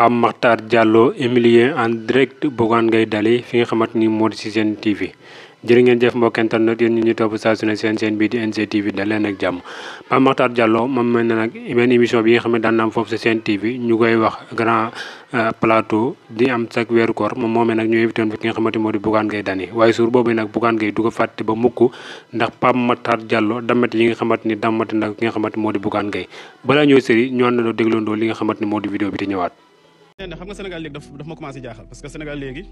Pape Makhtar Diallo Emilien en direct Bougane Gueye Dany fi nga xamante ni moo di ci seen TV jërë ngeen jëf internet yéen ñu topp saa seen seen bii di NGTV dal leen ak jàmm Pape Makhtar Diallo moom nag benn émission bi nga xam ne daan na am foofu si seen TV moo di Bougane Gueye Dany waaye suur boobu nag Bougane Gueye du fàtte ba mukk ndax Pape Makhtar Diallo damat yi nga xamante ni damat nag ki nga xamante moo di Bougane Gueye balaa ñëw séri ñu àndandoo dégloondoo li nga xamante ne xam nga Sénégal léegi daf ma commencé jaaxal parce que Sénégal léegi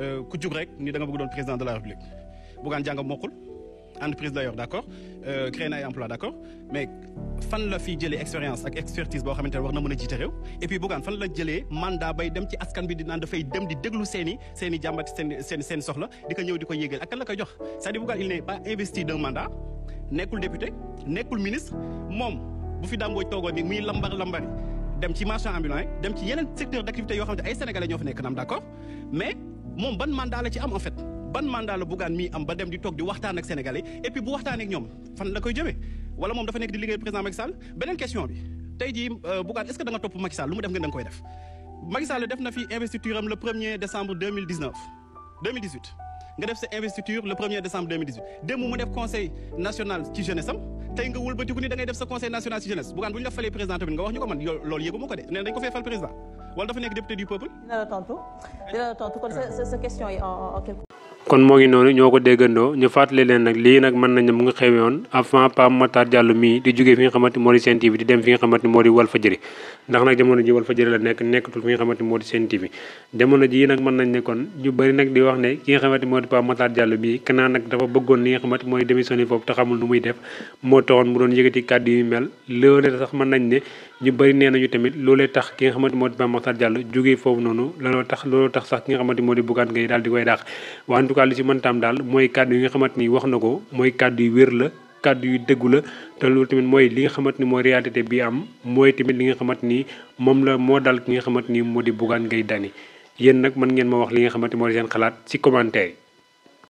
euh, ku jug rek ni da nga doon président de la République buggaan jàng mokkul entreprise la yor d' accord euh, créé na ay emploi mais fan la fi jëlee expérience ak expertise boo xamante ne war na mën a jiite réew et puis buggaan fan la jëlee mandat bay dem ci askan bi di naan dafay dem di déglu seen i seen jàmbat seen seen seen soxla di ko ñëw di ko yéegal ak kan la koy jox c'est-à-dire buggaan il n'est pas investi d'un mandat nekkul député nekkul ministre moom bu fi dàmboo toogoon ni muy lambar lambari dem ci marchand ambulant yi dem ci yeneen secteur d' activité yoo xam ne ay sénégalais ñoo fa nekk naam d' mais moom ban mandat ci am en fait ban mandat la Bougane am ba dem di toog di waxtaan ak sénégalais et puis bu waxtaanee ak ñoom fan la koy jëmee wala moom dafa nekk di liggéey président Macky Sall beneen question bi tey jii euh, Bougane est ce que da nga topp Macky lu mu def nga da koy def Macky def na fi investiture le 1 décembre 2019 mu def conseil tey nga wëlbatiku ni da def sa conseil national si jeunesse bugaan ñu la falee président tamit nga wax ñu ko man loolu yëgu ma de nee dañ ko fee président wala dafa nekk député du peuple. dina la tontu dina la tontu kon sa question yi en en quelque kon moo ngi noonu ñoo ko déggandoo ñu fàttali leen nag lii nag mën nañ mu ngi xewe woon avant Pape Matar moo di Sen TV nga xamante moo di Walfadjri ndax nag jamono ji Walfadjri la nekk nekkatul fi nga xamante moo di Sen TV jamono ji ne kon bëri nag di wax ne ki nga xamante moo di Pape Matar Diallo bii kanaan nag dafa bëggoon li nga xamante mooy démissionné foofu te xamul nu muy def moo taxoon mu doon yëkkati kàddu yu mel sax ñu tamit loolee tax ki nga xamante moo di Pape Matar Diallo jógee foofu noonu looloo tax looloo tax sax ki nga xamante moo di Bougane Gueye daal di koy tout cas lu ci mëntaam daal mooy kàddu yi nga xamante ni wax na ko mooy kàddu yu wér la kàddu yu dëggu la te loolu tamit mooy li nga xamante ni mooy réalité bi am mooy tamit li nga xamante ni moom la moo dal ki nga xamante ni moo di Bougane ngay Dany yéen nag mën ngeen ma wax li nga xamante ni moo di seen xalaat ci commentaire